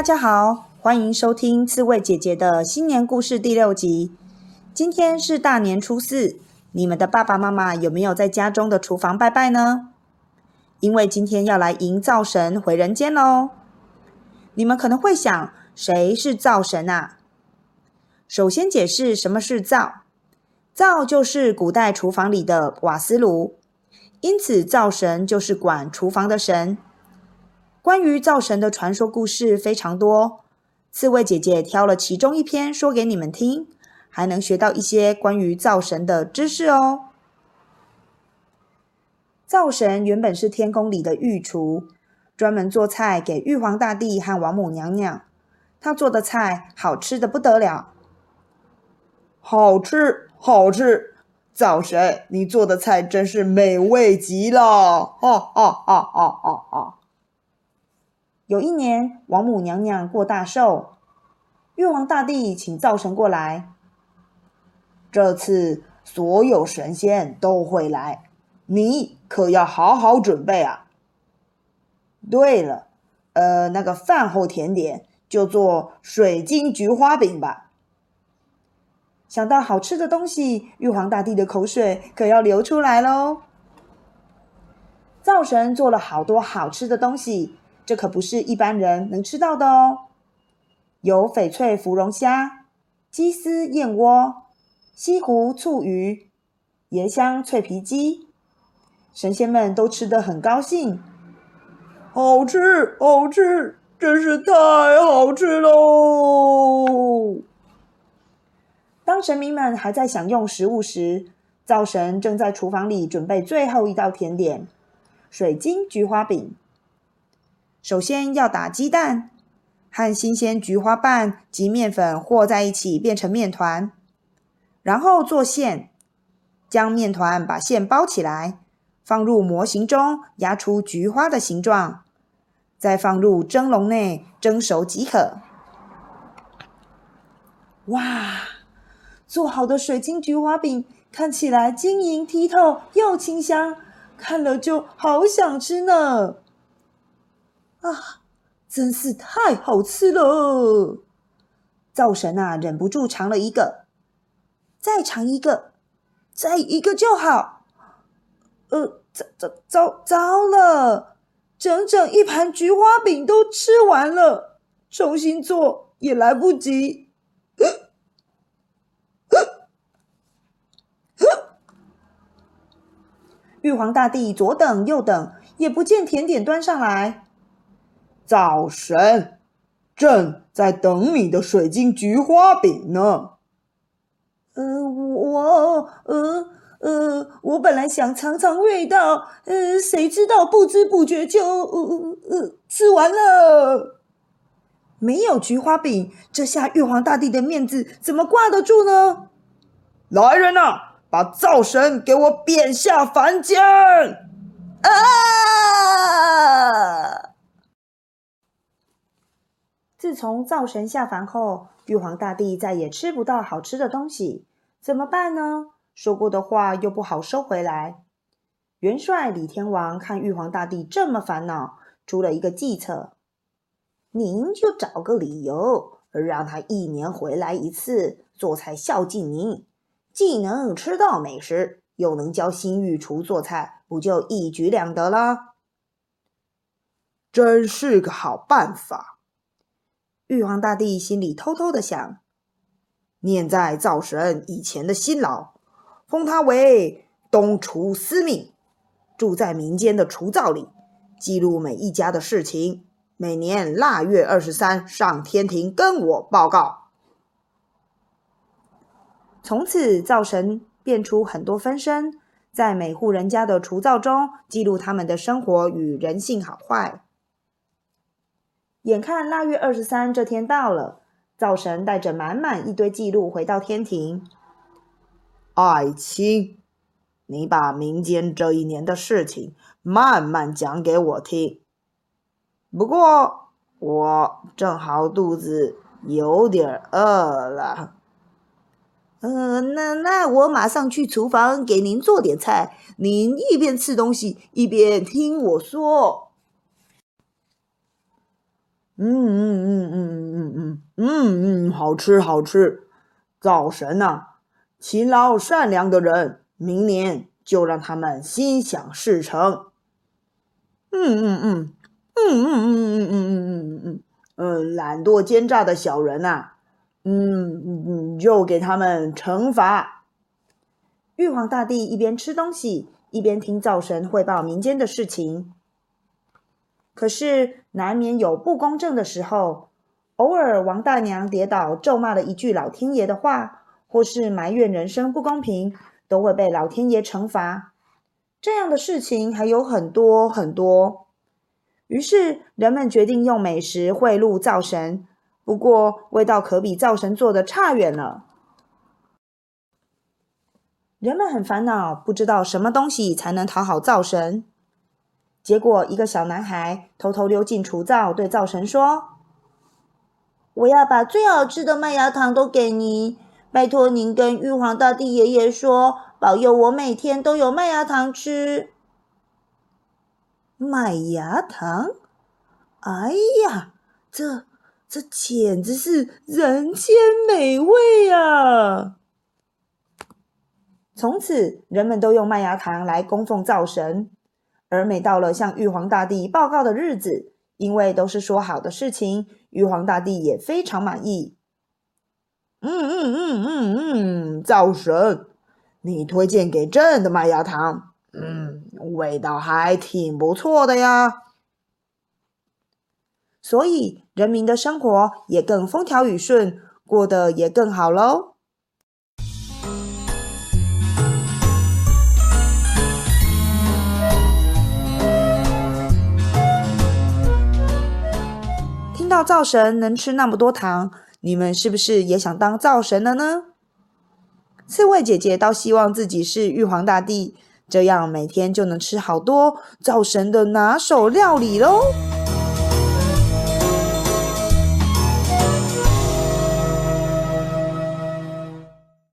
大家好，歡迎收聽刺蝟姐姐的新年故事第六集。今天是大年初四，你們的爸爸媽媽有沒有在家中的廚房拜拜呢？因為今天要來迎灶神回人間嘍。你們可能會想，誰是灶神啊？首先解釋什麼是灶。灶就是古代廚房裡的瓦斯爐，因此灶神就是管廚房的神。關於灶神的傳說故事非常多，刺蝟姐姐挑了其中一篇說給你們聽，還能學到一些關於灶神的知識哦。灶神原本是天宮裡的御廚，專門做菜給玉皇大帝和王母娘娘。他做的菜好吃得不得了。好吃好吃，灶神，你做的菜真是美味極了！哦哦哦哦哦。啊啊啊有一年，王母娘娘過大壽，玉皇大帝請灶神過來。這次所有神仙都會來，你可要好好準備啊！對了，呃，那個飯後甜點就做水晶菊花餅吧。想到好吃的東西，玉皇大帝的口水可要流出來嘍。灶神做了好多好吃的東西。這可不是一般人能吃到的哦！有翡翠芙蓉蝦、雞絲燕窩、西湖醋魚、椰香脆皮雞，神仙們都吃得很高興。好吃，好吃，真是太好吃嘍！當神明們還在享用食物時，灶神正在廚房裡準備最後一道甜點——水晶菊花餅。首先要打雞蛋，和新鮮菊花瓣及麵粉和在一起變成麵團，然後做餡，將麵團把餡包起來，放入模型中壓出菊花的形狀，再放入蒸籠內蒸熟即可。哇，做好的水晶菊花餅看起來晶瑩剔透又清香，看了就好想吃呢。啊，真是太好吃了！灶神啊，忍不住嚐了一個，再嚐一個，再一個就好。呃，糟糟糟糟了，整整一盤菊花餅都吃完了，重新做也來不及。玉皇大帝左等右等，也不見甜點端上來。灶神，朕在等你的水晶菊花餅呢。呃，我，呃，呃，我本來想嘗嘗味道，呃，誰知道不知不覺就，呃，呃，吃完了。沒有菊花餅，這下玉皇大帝的面子怎麼掛得住呢？來人吶，啊，把灶神給我貶下凡間！啊！自從灶神下凡後，玉皇大帝再也吃不到好吃的東西，怎麼辦呢？說過的話又不好收回來。元帥李天王看玉皇大帝這麼煩惱，出了一個計策：您就找個理由，而讓他一年回來一次做菜孝敬您，既能吃到美食，又能教新御廚做菜，不就一舉兩得了嗎？真是個好辦法。玉皇大帝心裡偷偷的想，念在灶神以前的辛勞，封他為東廚司命，住在民間的廚灶裡，記錄每一家的事情，每年臘月二十三上天庭跟我報告。從此，灶神變出很多分身，在每戶人家的廚灶中記錄他們的生活與人性好壞。眼看臘月二十三這天到了，灶神帶着滿滿一堆記錄回到天庭。愛卿，你把民間這一年的事情慢慢講給我聽。不過我正好肚子有點餓了。嗯、呃，那那我馬上去廚房給您做點菜，您一邊吃東西，一邊聽我說。嗯嗯嗯嗯嗯嗯嗯嗯，好吃好吃。灶神吶，勤勞善良的人，明年就讓他們心想事成。嗯嗯嗯嗯嗯嗯嗯嗯嗯嗯嗯，嗯，懶惰奸詐的小人吶，嗯嗯，就給他們懲罰。玉皇大帝一邊吃東西，一邊聽灶神匯報民間的事情。可是，難免有不公正的時候。偶爾，王大娘跌倒，咒罵了一句老天爺的話，或是埋怨人生不公平，都會被老天爺懲罰。這樣的事情還有很多很多。於是，人們決定用美食賄賂灶神。不過，味道可比灶神做的差遠了。人們很煩惱，不知道什麼東西才能討好灶神。結果，一個小男孩偷偷溜進廚灶，對灶神說：“我要把最好吃的麥芽糖都給您，拜託您跟玉皇大帝爺爺說，保佑我每天都有麥芽糖吃。”麥芽糖？哎呀，這這簡直是人間美味啊！從此，人們都用麥芽糖來供奉灶神。而每到了向玉皇大帝報告的日子，因為都是說好的事情，玉皇大帝也非常滿意。嗯嗯嗯嗯嗯，灶神，你推薦給朕的麥芽糖，嗯，味道還挺不錯的呀。所以人民的生活也更風調雨順，過得也更好嘍。灶神能吃那麼多糖，你們是不是也想當灶神了呢？刺蝟姐姐倒希望自己是玉皇大帝，這樣每天就能吃好多灶神的拿手料理嘍。